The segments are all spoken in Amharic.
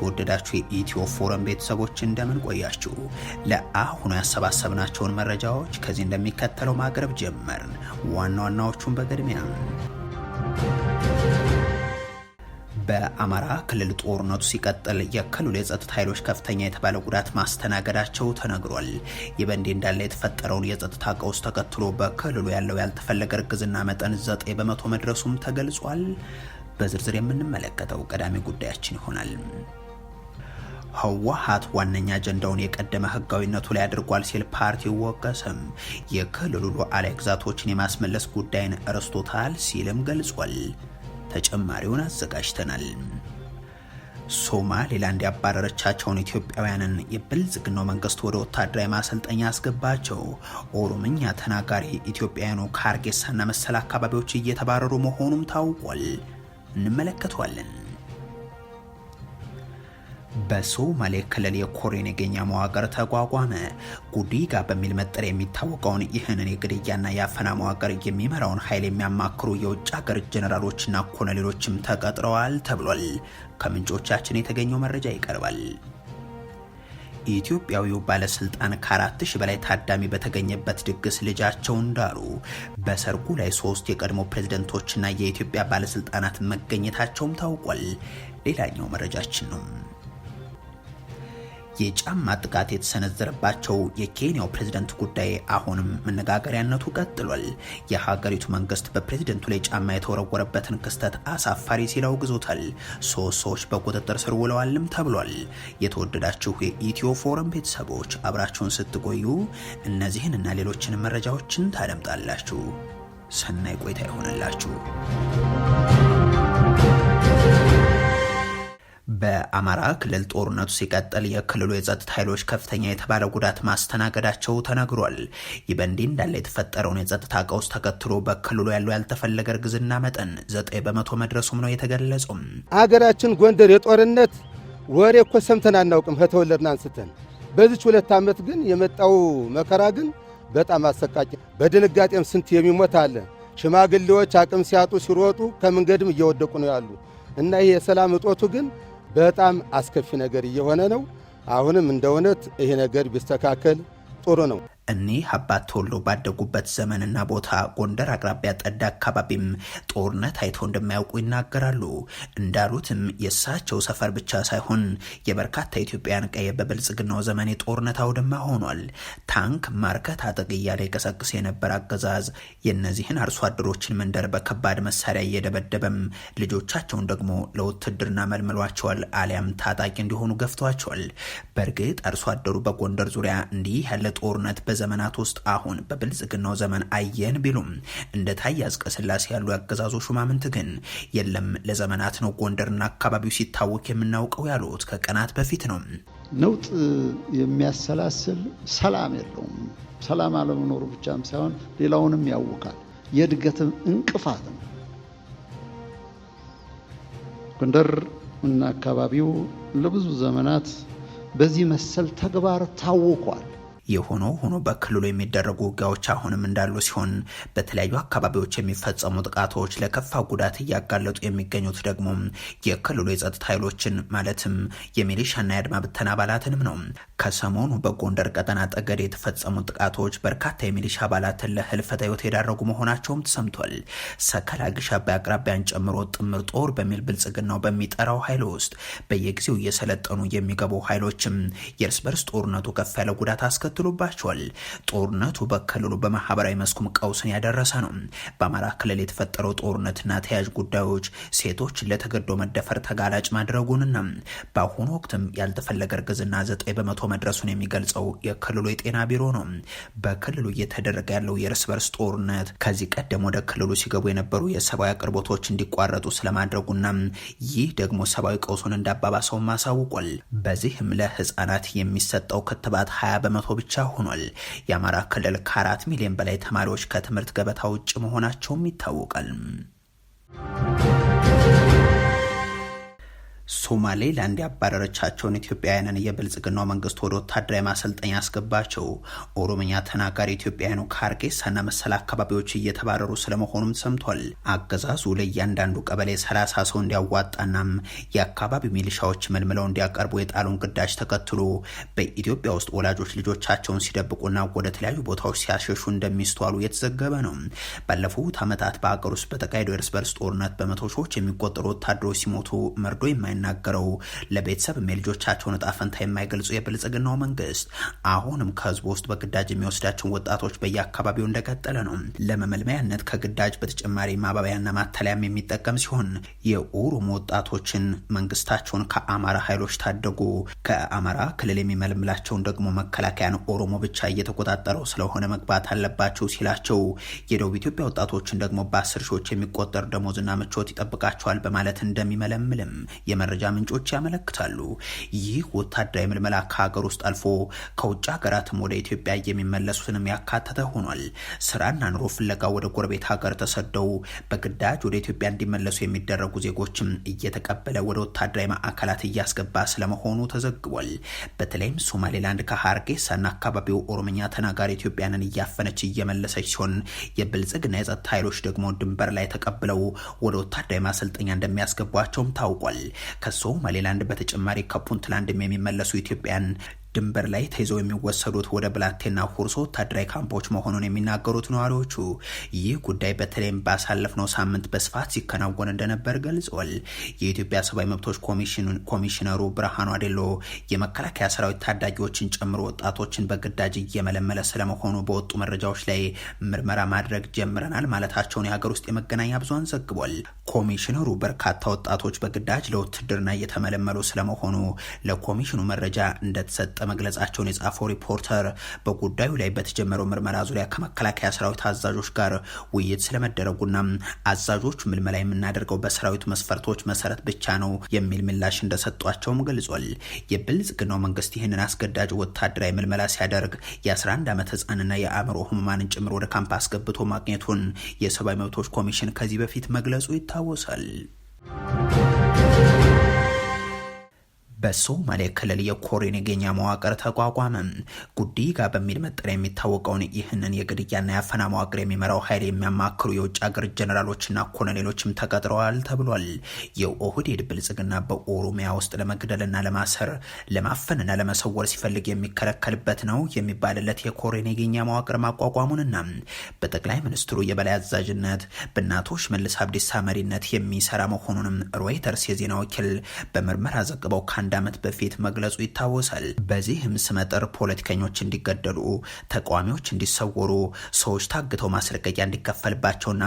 የተወደዳችሁ የኢትዮ ፎረም ቤተሰቦች እንደምን ቆያችሁ? ለአሁኑ ያሰባሰብናቸውን መረጃዎች ከዚህ እንደሚከተለው ማቅረብ ጀመርን። ዋና ዋናዎቹን በቅድሚያ በአማራ ክልል ጦርነቱ ሲቀጥል የክልሉ የጸጥታ ኃይሎች ከፍተኛ የተባለ ጉዳት ማስተናገዳቸው ተነግሯል። ይህ በእንዲህ እንዳለ የተፈጠረውን የጸጥታ ቀውስ ተከትሎ በክልሉ ያለው ያልተፈለገ እርግዝና መጠን ዘጠኝ በመቶ መድረሱም ተገልጿል። በዝርዝር የምንመለከተው ቀዳሚ ጉዳያችን ይሆናል። ህወሓት ዋነኛ አጀንዳውን የቀደመ ህጋዊነቱ ላይ አድርጓል ሲል ፓርቲው ወቀሰም። የክልሉ ሉዓላዊ ግዛቶችን የማስመለስ ጉዳይን ረስቶታል ሲልም ገልጿል። ተጨማሪውን አዘጋጅተናል። ሶማሌላንድ ያባረረቻቸውን ኢትዮጵያውያንን የብልጽግናው መንግስት ወደ ወታደራዊ ማሰልጠኛ አስገባቸው። ኦሮምኛ ተናጋሪ ኢትዮጵያውያኑ ከሀርጌሳና መሰል አካባቢዎች እየተባረሩ መሆኑም ታውቋል። እንመለከተዋለን። በሶማሌ ክልል የኮሬን የገኛ መዋቅር ተቋቋመ። ጉዲጋ በሚል መጠሪያ የሚታወቀውን ይህንን የግድያና የአፈና መዋቅር የሚመራውን ኃይል የሚያማክሩ የውጭ ሀገር ጀነራሎችና ኮሎኔሎችም ተቀጥረዋል ተብሏል። ከምንጮቻችን የተገኘው መረጃ ይቀርባል። ኢትዮጵያዊው ባለስልጣን ከአራት ሺህ በላይ ታዳሚ በተገኘበት ድግስ ልጃቸው እንዳሉ በሰርጉ ላይ ሶስት የቀድሞ ፕሬዝደንቶችና የኢትዮጵያ ባለስልጣናት መገኘታቸውም ታውቋል። ሌላኛው መረጃችን ነው። የጫማ ጥቃት የተሰነዘረባቸው የኬንያው ፕሬዝደንት ጉዳይ አሁንም መነጋገሪያነቱ ቀጥሏል። የሀገሪቱ መንግስት በፕሬዝደንቱ ላይ ጫማ የተወረወረበትን ክስተት አሳፋሪ ሲል አውግዞታል። ሶስት ሰዎች በቁጥጥር ስር ውለዋልም ተብሏል። የተወደዳችሁ የኢትዮ ፎረም ቤተሰቦች አብራችሁን ስትቆዩ እነዚህን እና ሌሎችን መረጃዎችን ታደምጣላችሁ። ሰናይ ቆይታ ይሆንላችሁ። በአማራ ክልል ጦርነቱ ሲቀጥል የክልሉ የጸጥታ ኃይሎች ከፍተኛ የተባለ ጉዳት ማስተናገዳቸው ተነግሯል። ይህ በእንዲህ እንዳለ የተፈጠረውን የጸጥታ ቀውስ ተከትሎ በክልሉ ያለው ያልተፈለገ እርግዝና መጠን ዘጠኝ በመቶ መድረሱም ነው የተገለጸው። አገራችን ጎንደር የጦርነት ወሬ እኮ ሰምተን አናውቅም ከተወለድን አንስተን። በዚች ሁለት ዓመት ግን የመጣው መከራ ግን በጣም አሰቃቂ። በድንጋጤም ስንት የሚሞት አለ። ሽማግሌዎች አቅም ሲያጡ ሲሮጡ ከመንገድም እየወደቁ ነው ያሉ እና ይህ የሰላም እጦቱ ግን በጣም አስከፊ ነገር እየሆነ ነው። አሁንም እንደ እውነት ይሄ ነገር ቢስተካከል ጥሩ ነው። እኒህ አባት ተወልዶ ባደጉበት ዘመንና ቦታ ጎንደር አቅራቢያ ጠዳ አካባቢም ጦርነት አይቶ እንደማያውቁ ይናገራሉ። እንዳሉትም የእሳቸው ሰፈር ብቻ ሳይሆን የበርካታ ኢትዮጵያን ቀየ በብልጽግናው ዘመን የጦርነት አውድማ ሆኗል። ታንክ ማርከት አጥቅ እያለ የቀሰቅስ የነበረ አገዛዝ የእነዚህን አርሶ አደሮችን መንደር በከባድ መሳሪያ እየደበደበም ልጆቻቸውን ደግሞ ለውትድርና መልምሏቸዋል፣ አሊያም ታጣቂ እንዲሆኑ ገፍቷቸዋል። በእርግጥ አርሶ አደሩ በጎንደር ዙሪያ እንዲህ ያለ ጦርነት ዘመናት ውስጥ አሁን በብልጽግናው ዘመን አየን ቢሉም እንደ ታዬ አጽቀሥላሴ ያሉ ያገዛዙ ሹማምንት ግን የለም ለዘመናት ነው ጎንደርና አካባቢው ሲታወቅ የምናውቀው ያሉት ከቀናት በፊት ነው። ነውጥ የሚያሰላስል ሰላም የለውም። ሰላም አለመኖሩ ብቻም ሳይሆን ሌላውንም ያውካል። የእድገትም እንቅፋት ነው። ጎንደር እና አካባቢው ለብዙ ዘመናት በዚህ መሰል ተግባር ታውቋል። የሆኖ ሆኖ በክልሉ የሚደረጉ ውጊያዎች አሁንም እንዳሉ ሲሆን በተለያዩ አካባቢዎች የሚፈጸሙ ጥቃቶች ለከፋ ጉዳት እያጋለጡ የሚገኙት ደግሞ የክልሉ የጸጥታ ኃይሎችን ማለትም የሚሊሻና የአድማ ብተና አባላትንም ነው። ከሰሞኑ በጎንደር ቀጠና ጠገድ የተፈጸሙ ጥቃቶች በርካታ የሚሊሻ አባላትን ለህልፈተ ህይወት የዳረጉ መሆናቸውም ተሰምቷል። ሰከላ ግሽ አቅራቢያን ጨምሮ ጥምር ጦር በሚል ብልጽግናው በሚጠራው ኃይል ውስጥ በየጊዜው እየሰለጠኑ የሚገቡ ኃይሎችም የእርስ በርስ ጦርነቱ ከፍ ያለ ጉዳት አስከትሏል። ተከትሎባቸዋል። ጦርነቱ በክልሉ በማህበራዊ መስኩም ቀውስን ያደረሰ ነው። በአማራ ክልል የተፈጠረው ጦርነትና ተያዥ ጉዳዮች ሴቶች ለተገዶ መደፈር ተጋላጭ ማድረጉንና በአሁኑ ወቅትም ያልተፈለገ እርግዝና ዘጠኝ በመቶ መድረሱን የሚገልጸው የክልሉ የጤና ቢሮ ነው። በክልሉ እየተደረገ ያለው የእርስ በርስ ጦርነት ከዚህ ቀደም ወደ ክልሉ ሲገቡ የነበሩ የሰብአዊ አቅርቦቶች እንዲቋረጡ ስለማድረጉና ይህ ደግሞ ሰብአዊ ቀውሱን እንዳባባሰውም አሳውቋል። በዚህም ለህጻናት የሚሰጠው ክትባት 20 በመቶ ብቻ ብቻ ሆኗል። የአማራ ክልል ከአራት ሚሊዮን በላይ ተማሪዎች ከትምህርት ገበታ ውጭ መሆናቸውም ይታወቃል። ሶማሌ ሶማሌላንድ ያባረረቻቸውን ኢትዮጵያውያንን የብልጽግናው መንግስት ወደ ወታደራዊ ማሰልጠኛ ያስገባቸው ኦሮምኛ ተናጋሪ ኢትዮጵያውያኑ ከሀርጌሳና መሰል አካባቢዎች እየተባረሩ ስለመሆኑም ሰምቷል። አገዛዙ ለእያንዳንዱ ቀበሌ ሰላሳ ሰው እንዲያዋጣናም የአካባቢው ሚሊሻዎች መልምለው እንዲያቀርቡ የጣሉን ግዳጅ ተከትሎ በኢትዮጵያ ውስጥ ወላጆች ልጆቻቸውን ሲደብቁና ወደ ተለያዩ ቦታዎች ሲያሸሹ እንደሚስተዋሉ የተዘገበ ነው። ባለፉት ዓመታት በአገር ውስጥ በተካሄደው የእርስ በርስ ጦርነት በመቶ ሺዎች የሚቆጠሩ ወታደሮች ሲሞቱ መርዶ የማይ የሚናገረው ለቤተሰብም የልጆቻቸውን እጣ ፈንታ የማይገልጹ የብልጽግናው መንግስት አሁንም ከህዝቡ ውስጥ በግዳጅ የሚወስዳቸውን ወጣቶች በየአካባቢው እንደቀጠለ ነው። ለመመልመያነት ከግዳጅ በተጨማሪ ማባበያና ማተለያም የሚጠቀም ሲሆን የኦሮሞ ወጣቶችን መንግስታቸውን ከአማራ ኃይሎች ታደጉ፣ ከአማራ ክልል የሚመለምላቸውን ደግሞ መከላከያን ኦሮሞ ብቻ እየተቆጣጠረው ስለሆነ መግባት አለባቸው ሲላቸው፣ የደቡብ ኢትዮጵያ ወጣቶችን ደግሞ በአስር ሺዎች የሚቆጠር ደሞዝና ምቾት ይጠብቃቸዋል በማለት እንደሚመለምልም የመረጃ ምንጮች ያመለክታሉ። ይህ ወታደራዊ ምልመላ ከሀገር ውስጥ አልፎ ከውጭ ሀገራትም ወደ ኢትዮጵያ የሚመለሱትንም ያካተተ ሆኗል። ስራና ኑሮ ፍለጋ ወደ ጎረቤት ሀገር ተሰደው በግዳጅ ወደ ኢትዮጵያ እንዲመለሱ የሚደረጉ ዜጎችም እየተቀበለ ወደ ወታደራዊ ማዕከላት እያስገባ ስለመሆኑ ተዘግቧል። በተለይም ሶማሌላንድ ከሀርጌሳና አካባቢው ኦሮምኛ ተናጋሪ ኢትዮጵያንን እያፈነች እየመለሰች ሲሆን የብልጽግና የጸጥታ ኃይሎች ደግሞ ድንበር ላይ ተቀብለው ወደ ወታደራዊ ማሰልጠኛ እንደሚያስገቧቸውም ታውቋል። ከሶማሌላንድ በተጨማሪ ከፑንትላንድም የሚመለሱ ኢትዮጵያን ድንበር ላይ ተይዘው የሚወሰዱት ወደ ብላቴና ሁርሶ ወታደራዊ ካምፖች መሆኑን የሚናገሩት ነዋሪዎቹ ይህ ጉዳይ በተለይም ባሳለፍነው ሳምንት በስፋት ሲከናወን እንደነበር ገልጿል። የኢትዮጵያ ሰብአዊ መብቶች ኮሚሽነሩ ብርሃኑ አዴሎ የመከላከያ ሰራዊት ታዳጊዎችን ጨምሮ ወጣቶችን በግዳጅ እየመለመለ ስለመሆኑ በወጡ መረጃዎች ላይ ምርመራ ማድረግ ጀምረናል ማለታቸውን የሀገር ውስጥ የመገናኛ ብዙሃን ዘግቧል። ኮሚሽነሩ በርካታ ወጣቶች በግዳጅ ለውትድርና እየተመለመሉ ስለመሆኑ ለኮሚሽኑ መረጃ እንደተሰጠ እንደተሰጠ መግለጻቸውን የጻፈው ሪፖርተር በጉዳዩ ላይ በተጀመረው ምርመራ ዙሪያ ከመከላከያ ሰራዊት አዛዦች ጋር ውይይት ስለመደረጉና አዛዦች ምልመላ የምናደርገው በሰራዊት መስፈርቶች መሰረት ብቻ ነው የሚል ምላሽ እንደሰጧቸውም ገልጿል። የብልጽግናው መንግስት ይህንን አስገዳጅ ወታደራዊ ምልመላ ሲያደርግ የ11 ዓመት ህፃንና የአእምሮ ህሙማንን ጭምር ወደ ካምፕ አስገብቶ ማግኘቱን የሰብአዊ መብቶች ኮሚሽን ከዚህ በፊት መግለጹ ይታወሳል። በሶማሌ ክልል የኮር የገኛ መዋቅር ተቋቋመ። ጉዲጋ በሚል መጠሪያ የሚታወቀውን ይህንን የግድያና የአፈና መዋቅር የሚመራው ኃይል የሚያማክሩ የውጭ ሀገር ጀኔራሎችና ኮሎኔሎችም ተቀጥረዋል ተብሏል። የኦህዴድ ብልጽግና በኦሮሚያ ውስጥ ለመግደልና ለማሰር ለማፈንና ለመሰወር ሲፈልግ የሚከለከልበት ነው የሚባልለት የኮር የገኛ መዋቅር ማቋቋሙንና በጠቅላይ ሚኒስትሩ የበላይ አዛዥነት በእናቶች መልስ አብዲሳ መሪነት የሚሰራ መሆኑንም ሮይተርስ የዜና ወኪል በምርመራ ዘግበው ካን ከአንድ ዓመት በፊት መግለጹ ይታወሳል። በዚህም ስመጥር ፖለቲከኞች እንዲገደሉ፣ ተቃዋሚዎች እንዲሰወሩ፣ ሰዎች ታግተው ማስለቀቂያ እንዲከፈልባቸውና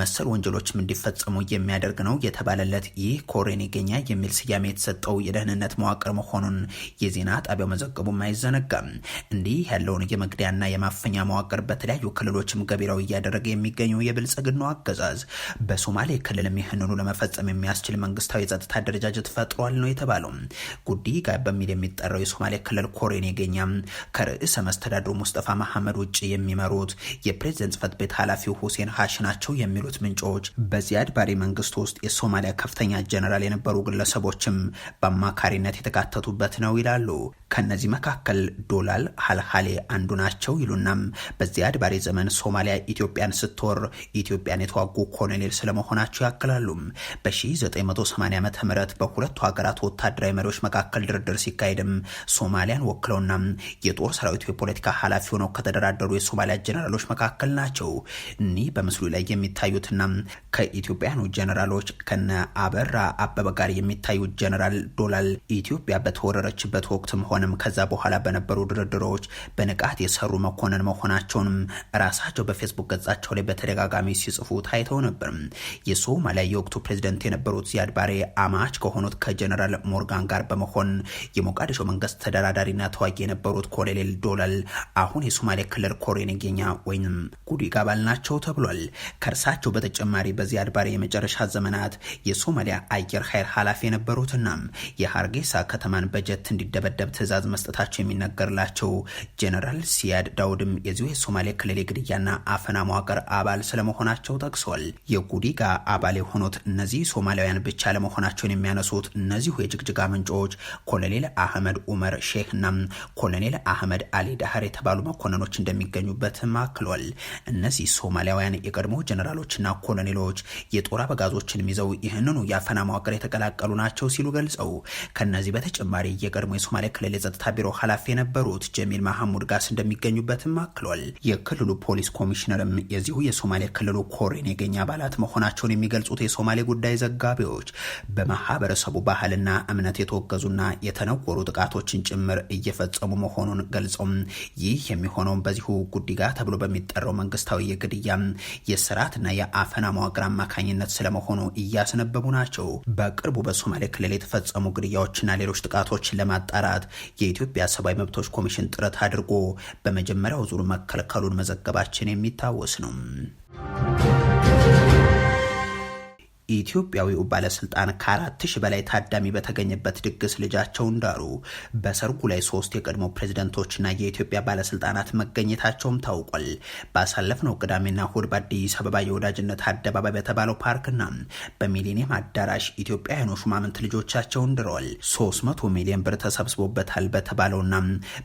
መሰል ወንጀሎችም እንዲፈጸሙ የሚያደርግ ነው የተባለለት ይህ ኮሬን ይገኛ የሚል ስያሜ የተሰጠው የደህንነት መዋቅር መሆኑን የዜና ጣቢያው መዘገቡም አይዘነጋም። እንዲህ ያለውን የመግደያና የማፈኛ መዋቅር በተለያዩ ክልሎችም ገቢራዊ እያደረገ የሚገኘው የብልጽግናው አገዛዝ በሶማሌ ክልልም ይህንኑ ለመፈጸም የሚያስችል መንግስታዊ የጸጥታ አደረጃጀት ፈጥሯል ነው የተባለው። ጉዲ በሚል የሚጠራው የሶማሌ ክልል ኮሬን የገኛ ከርዕሰ መስተዳድሩ ሙስጠፋ መሐመድ ውጭ የሚመሩት የፕሬዝደንት ጽፈት ቤት ኃላፊው ሁሴን ሀሽ ናቸው የሚሉት ምንጮች በዚያድ ባሬ መንግስት ውስጥ የሶማሊያ ከፍተኛ ጀነራል የነበሩ ግለሰቦችም በአማካሪነት የተካተቱበት ነው ይላሉ። ከነዚህ መካከል ዶላል ሀልሀሌ አንዱ ናቸው ይሉናም በዚያድ ባሬ ዘመን ሶማሊያ ኢትዮጵያን ስትወር ኢትዮጵያን የተዋጉ ኮሎኔል ስለመሆናቸው ያክላሉ። በ1980 ዓ ም በሁለቱ ሀገራት ወታደራዊ መሪ ኃይሎች መካከል ድርድር ሲካሄድም ሶማሊያን ወክለውና የጦር ሰራዊቱ የፖለቲካ ኃላፊ ሆነው ከተደራደሩ የሶማሊያ ጀነራሎች መካከል ናቸው። እኒህ በምስሉ ላይ የሚታዩትና ከኢትዮጵያኑ ጀነራሎች ከነ አበራ አበበ ጋር የሚታዩት ጀነራል ዶላል ኢትዮጵያ በተወረረችበት ወቅትም ሆነም ከዛ በኋላ በነበሩ ድርድሮች በንቃት የሰሩ መኮንን መሆናቸውንም ራሳቸው በፌስቡክ ገጻቸው ላይ በተደጋጋሚ ሲጽፉ ታይተው ነበር። የሶማሊያ የወቅቱ ፕሬዚደንት የነበሩት ዚያድ ባሬ አማች ከሆኑት ከጀነራል ሞርጋን ጋር ጋር በመሆን የሞቃዲሾ መንግስት ተደራዳሪና ተዋጊ የነበሩት ኮሎኔል ዶለል አሁን የሶማሌ ክልል ኮሬን ገኛ ወይም ጉድ አባል ናቸው ተብሏል። ከእርሳቸው በተጨማሪ በዚህ ባሬ የመጨረሻ ዘመናት የሶማሊያ አየር ኃይል ኃላፊ የነበሩትና የሀርጌሳ ከተማን በጀት እንዲደበደብ ትዕዛዝ መስጠታቸው የሚነገርላቸው ጀነራል ሲያድ ዳውድም የዚሁ የሶማሌ ክልል የግድያና አፈና መዋቅር አባል ስለመሆናቸው ጠቅሰዋል። የጉዲጋ አባል የሆኑት እነዚህ ሶማሊያውያን ብቻ ለመሆናቸውን የሚያነሱት እነዚሁ የጅግጅጋ ምንጮ ምንጮች ኮሎኔል አህመድ ኡመር ሼህና ኮሎኔል አህመድ አሊ ዳህር የተባሉ መኮንኖች እንደሚገኙበትም አክሏል። እነዚህ ሶማሊያውያን የቀድሞ ጀኔራሎችና ኮሎኔሎች የጦር አበጋዞችን ይዘው ይህንኑ የአፈና መዋቅር የተቀላቀሉ ናቸው ሲሉ ገልጸው ከነዚህ በተጨማሪ የቀድሞ የሶማሌ ክልል የጸጥታ ቢሮ ኃላፊ የነበሩት ጀሚል ማሐሙድ ጋስ እንደሚገኙበትም አክሏል። የክልሉ ፖሊስ ኮሚሽነርም የዚሁ የሶማሌ ክልሉ ኮሬን የገኝ አባላት መሆናቸውን የሚገልጹት የሶማሌ ጉዳይ ዘጋቢዎች በማህበረሰቡ ባህልና እምነት የተወገዙና የተነወሩ ጥቃቶችን ጭምር እየፈጸሙ መሆኑን ገልጸው። ይህ የሚሆነውን በዚሁ ጉዲጋ ተብሎ በሚጠራው መንግስታዊ የግድያ የስርዓትና የአፈና መዋቅር አማካኝነት ስለመሆኑ እያስነበቡ ናቸው። በቅርቡ በሶማሌ ክልል የተፈጸሙ ግድያዎችና ሌሎች ጥቃቶችን ለማጣራት የኢትዮጵያ ሰብአዊ መብቶች ኮሚሽን ጥረት አድርጎ በመጀመሪያው ዙር መከልከሉን መዘገባችን የሚታወስ ነው። ኢትዮጵያዊው ባለስልጣን ከአራት ሺህ በላይ ታዳሚ በተገኘበት ድግስ ልጃቸው እንዳሉ በሰርጉ ላይ ሶስት የቀድሞ ፕሬዝደንቶችና የኢትዮጵያ ባለስልጣናት መገኘታቸውም ታውቋል። ባሳለፍነው ቅዳሜና እሁድ በአዲስ አበባ የወዳጅነት አደባባይ በተባለው ፓርክና በሚሊኒየም አዳራሽ ኢትዮጵያውያኑ ሹማምንት ልጆቻቸውን ድረዋል። 300 ሚሊዮን ብር ተሰብስቦበታል በተባለውና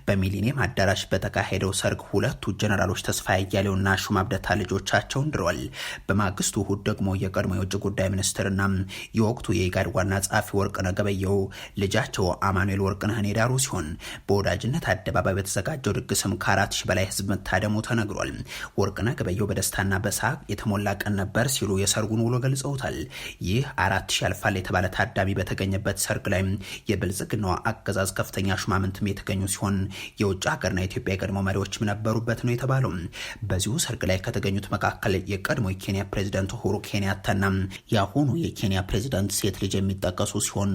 በሚሊኒየም አዳራሽ በተካሄደው ሰርግ ሁለቱ ጀነራሎች ተስፋ ያያሌውና ሹማ ልጆቻቸውን ድረዋል። በማግስቱ እሁድ ደግሞ የቀድሞ የውጭ ጉዳይ ሚኒስትርና የወቅቱ የኢጋድ ዋና ጸሐፊ ወርቅነህ ገበየሁ ልጃቸው አማኑኤል ወርቅነህን የዳሩ ሲሆን በወዳጅነት አደባባይ በተዘጋጀው ድግስም ከአራት ሺህ በላይ ህዝብ መታደሙ ተነግሯል። ወርቅነህ ገበየሁ በደስታና በሳቅ የተሞላ ቀን ነበር ሲሉ የሰርጉን ውሎ ገልጸውታል። ይህ አራት ሺህ ያልፋል የተባለ ታዳሚ በተገኘበት ሰርግ ላይ የብልጽግናው አገዛዝ ከፍተኛ ሹማምንትም የተገኙ ሲሆን የውጭ ሀገርና የኢትዮጵያ የቀድሞ መሪዎችም ነበሩበት ነው የተባለው። በዚሁ ሰርግ ላይ ከተገኙት መካከል የቀድሞ የኬንያ ፕሬዚደንት ሁሩ ኬንያታና የአሁኑ የኬንያ ፕሬዚዳንት ሴት ልጅ የሚጠቀሱ ሲሆን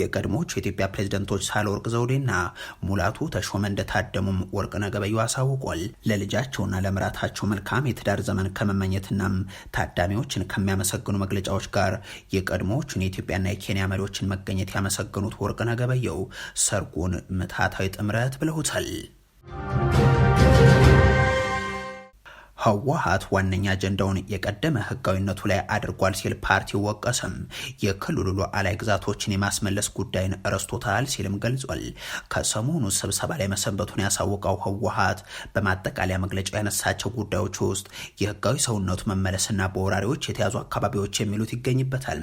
የቀድሞዎቹ የኢትዮጵያ ፕሬዚደንቶች ሳህለወርቅ ዘውዴና ሙላቱ ተሾመ እንደታደሙም ወርቅነህ ገበየሁ አሳውቋል። ለልጃቸውና ለምራታቸው መልካም የትዳር ዘመን ከመመኘትናም ታዳሚዎችን ከሚያመሰግኑ መግለጫዎች ጋር የቀድሞዎቹን የኢትዮጵያና የኬንያ መሪዎችን መገኘት ያመሰገኑት ወርቅነህ ገበየሁ ሰርጉን ምትሃታዊ ጥምረት ብለውታል። ህወሀት ዋነኛ አጀንዳውን የቀደመ ህጋዊነቱ ላይ አድርጓል ሲል ፓርቲው ወቀሰም። የክልሉ ሉዓላዊ ግዛቶችን የማስመለስ ጉዳይን ረስቶታል ሲልም ገልጿል። ከሰሞኑ ስብሰባ ላይ መሰንበቱን ያሳወቀው ህወሀት በማጠቃለያ መግለጫው ያነሳቸው ጉዳዮች ውስጥ የህጋዊ ሰውነቱ መመለስና በወራሪዎች የተያዙ አካባቢዎች የሚሉት ይገኝበታል።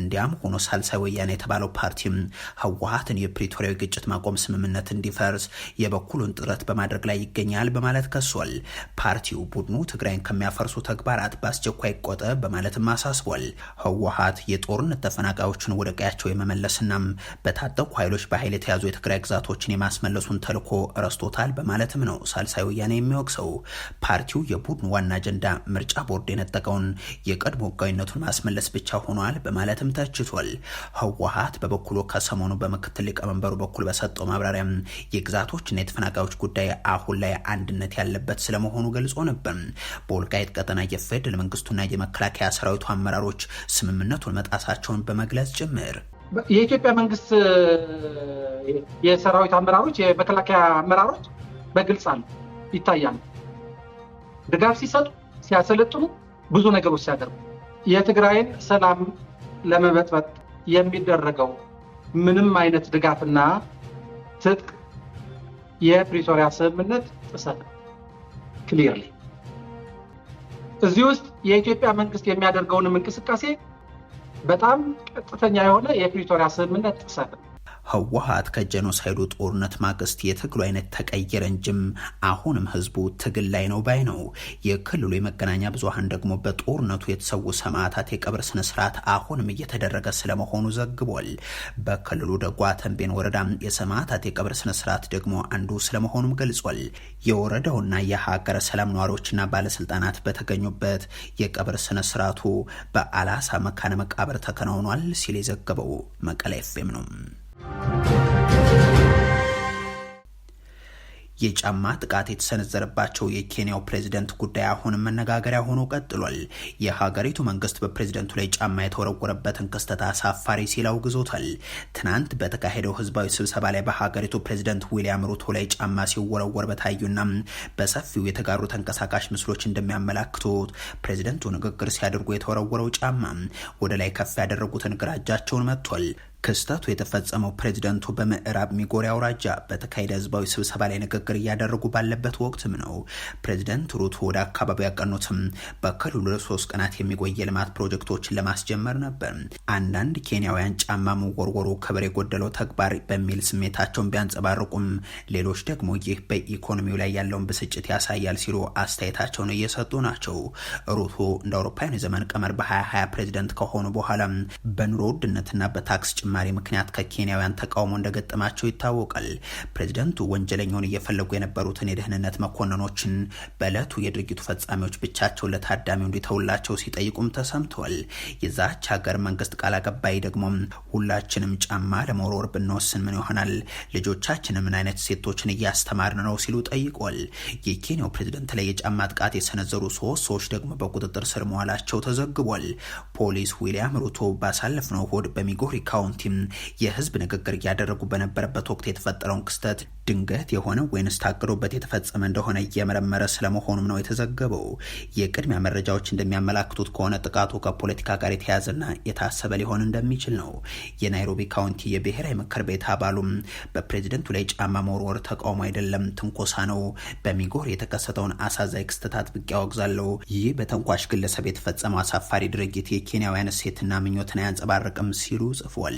እንዲያም ሆኖ ሳልሳይ ወያነ የተባለው ፓርቲም ህወሀትን የፕሪቶሪያዊ ግጭት ማቆም ስምምነት እንዲፈርስ የበኩሉን ጥረት በማድረግ ላይ ይገኛል በማለት ከሷል። ፓርቲው ቡድኑ ትግራይን ከሚያፈርሱ ተግባራት በአስቸኳይ ቆጠ በማለትም አሳስቧል። ህወሀት የጦርነት ተፈናቃዮችን ወደ ቀያቸው የመመለስናም በታጠቁ ኃይሎች በኃይል የተያዙ የትግራይ ግዛቶችን የማስመለሱን ተልዕኮ ረስቶታል በማለትም ነው ሳልሳይ ወያኔ የሚወቅሰው። ፓርቲው የቡድን ዋና አጀንዳ ምርጫ ቦርድ የነጠቀውን የቀድሞ ህጋዊነቱን ማስመለስ ብቻ ሆኗል በማለትም ተችቷል። ህወሀት በበኩሉ ከሰሞኑ በምክትል ሊቀመንበሩ በኩል በሰጠው ማብራሪያም የግዛቶችና የተፈናቃዮች ጉዳይ አሁን ላይ አንድነት ያለበት ስለመሆኑ ገልጾ ነበር። በወልቃይት ቀጠና የፌደራል መንግስቱና የመከላከያ ሰራዊቱ አመራሮች ስምምነቱን መጣሳቸውን በመግለጽ ጭምር የኢትዮጵያ መንግስት የሰራዊት አመራሮች የመከላከያ አመራሮች በግልጽ አሉ ይታያሉ። ድጋፍ ሲሰጡ፣ ሲያሰለጥኑ፣ ብዙ ነገሮች ሲያደርጉ የትግራይን ሰላም ለመበጥበጥ የሚደረገው ምንም አይነት ድጋፍና ትጥቅ የፕሪቶሪያ ስምምነት ጥሰት ክሊርሊ እዚህ ውስጥ የኢትዮጵያ መንግስት የሚያደርገውንም እንቅስቃሴ በጣም ቀጥተኛ የሆነ የፕሪቶሪያ ስምምነት ጥሰት ነው። ህወሓት ከጀኖሳይዱ ጦርነት ማግስት የትግሉ አይነት ተቀየረ እንጂም አሁንም ህዝቡ ትግል ላይ ነው ባይ ነው። የክልሉ የመገናኛ ብዙሀን ደግሞ በጦርነቱ የተሰዉ ሰማዕታት የቀብር ስነስርዓት አሁንም እየተደረገ ስለመሆኑ ዘግቧል። በክልሉ ደጓ ተንቤን ወረዳ የሰማዕታት የቀብር ስነስርዓት ደግሞ አንዱ ስለመሆኑም ገልጿል። የወረዳውና የሀገረ ሰላም ነዋሪዎችና ባለስልጣናት በተገኙበት የቀብር ስነስርዓቱ በአላሳ መካነ መቃብር ተከናውኗል ሲል የዘገበው መቀለ ነው። የጫማ ጥቃት የተሰነዘረባቸው የኬንያው ፕሬዝደንት ጉዳይ አሁንም መነጋገሪያ ሆኖ ቀጥሏል። የሀገሪቱ መንግስት በፕሬዝደንቱ ላይ ጫማ የተወረወረበትን ክስተት አሳፋሪ ሲል አውግዞታል። ትናንት በተካሄደው ህዝባዊ ስብሰባ ላይ በሀገሪቱ ፕሬዝደንት ዊልያም ሩቶ ላይ ጫማ ሲወረወር በታዩና በሰፊው የተጋሩ ተንቀሳቃሽ ምስሎች እንደሚያመላክቱት ፕሬዝደንቱ ንግግር ሲያደርጉ የተወረወረው ጫማ ወደ ላይ ከፍ ያደረጉትን ግራ እጃቸውን መጥቷል። ክስተቱ የተፈጸመው ፕሬዚደንቱ በምዕራብ ሚጎሪ አውራጃ በተካሄደ ህዝባዊ ስብሰባ ላይ ንግግር እያደረጉ ባለበት ወቅትም ነው። ፕሬዚደንት ሩቶ ወደ አካባቢው ያቀኑትም በክልሉ ለሶስት ቀናት የሚቆይ የልማት ፕሮጀክቶችን ለማስጀመር ነበር። አንዳንድ ኬንያውያን ጫማ መወርወሩ ክብር የጎደለው ተግባር በሚል ስሜታቸውን ቢያንጸባርቁም፣ ሌሎች ደግሞ ይህ በኢኮኖሚው ላይ ያለውን ብስጭት ያሳያል ሲሉ አስተያየታቸውን እየሰጡ ናቸው። ሩቶ እንደ አውሮፓውያኑ የዘመን ቀመር በ2020 ፕሬዚደንት ከሆኑ በኋላ በኑሮ ውድነትና በታክስ ጭ ጭማሪ ምክንያት ከኬንያውያን ተቃውሞ እንደገጠማቸው ይታወቃል። ፕሬዚደንቱ ወንጀለኛውን እየፈለጉ የነበሩትን የደህንነት መኮንኖችን በእለቱ የድርጊቱ ፈጻሚዎች ብቻቸውን ለታዳሚው እንዲተውላቸው ሲጠይቁም ተሰምተዋል። የዛች ሀገር መንግስት ቃል አቀባይ ደግሞ ሁላችንም ጫማ ለመወርወር ብንወስን ምን ይሆናል? ልጆቻችን ምን አይነት ሴቶችን እያስተማርን ነው? ሲሉ ጠይቋል። የኬንያው ፕሬዚደንት ላይ የጫማ ጥቃት የሰነዘሩ ሶስት ሰዎች ደግሞ በቁጥጥር ስር መዋላቸው ተዘግቧል። ፖሊስ ዊሊያም ሩቶ ባሳለፍነው እሁድ በሚጎሪ ካውንቲ ፓርቲም የህዝብ ንግግር እያደረጉ በነበረበት ወቅት የተፈጠረውን ክስተት ድንገት የሆነ ወይንስ ታቅዶበት የተፈጸመ እንደሆነ እየመረመረ ስለመሆኑም ነው የተዘገበው። የቅድሚያ መረጃዎች እንደሚያመላክቱት ከሆነ ጥቃቱ ከፖለቲካ ጋር የተያዘና የታሰበ ሊሆን እንደሚችል ነው። የናይሮቢ ካውንቲ የብሔራዊ ምክር ቤት አባሉም በፕሬዝደንቱ ላይ ጫማ መወርወር ተቃውሞ አይደለም፣ ትንኮሳ ነው። በሚጎር የተከሰተውን አሳዛኝ ክስተት አጥብቄ አወግዛለሁ። ይህ በተንኳሽ ግለሰብ የተፈጸመው አሳፋሪ ድርጊት የኬንያውያን ሴትና ምኞትን አያንጸባርቅም ሲሉ ጽፏል።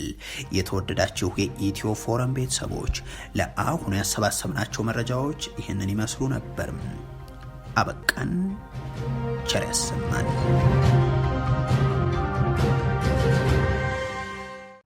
የተወደዳችሁ የኢትዮ ፎረም ቤተሰቦች ለአሁኑ ያሰባሰብናቸው መረጃዎች ይህንን ይመስሉ ነበር። አበቃን። ቸር ያሰማን።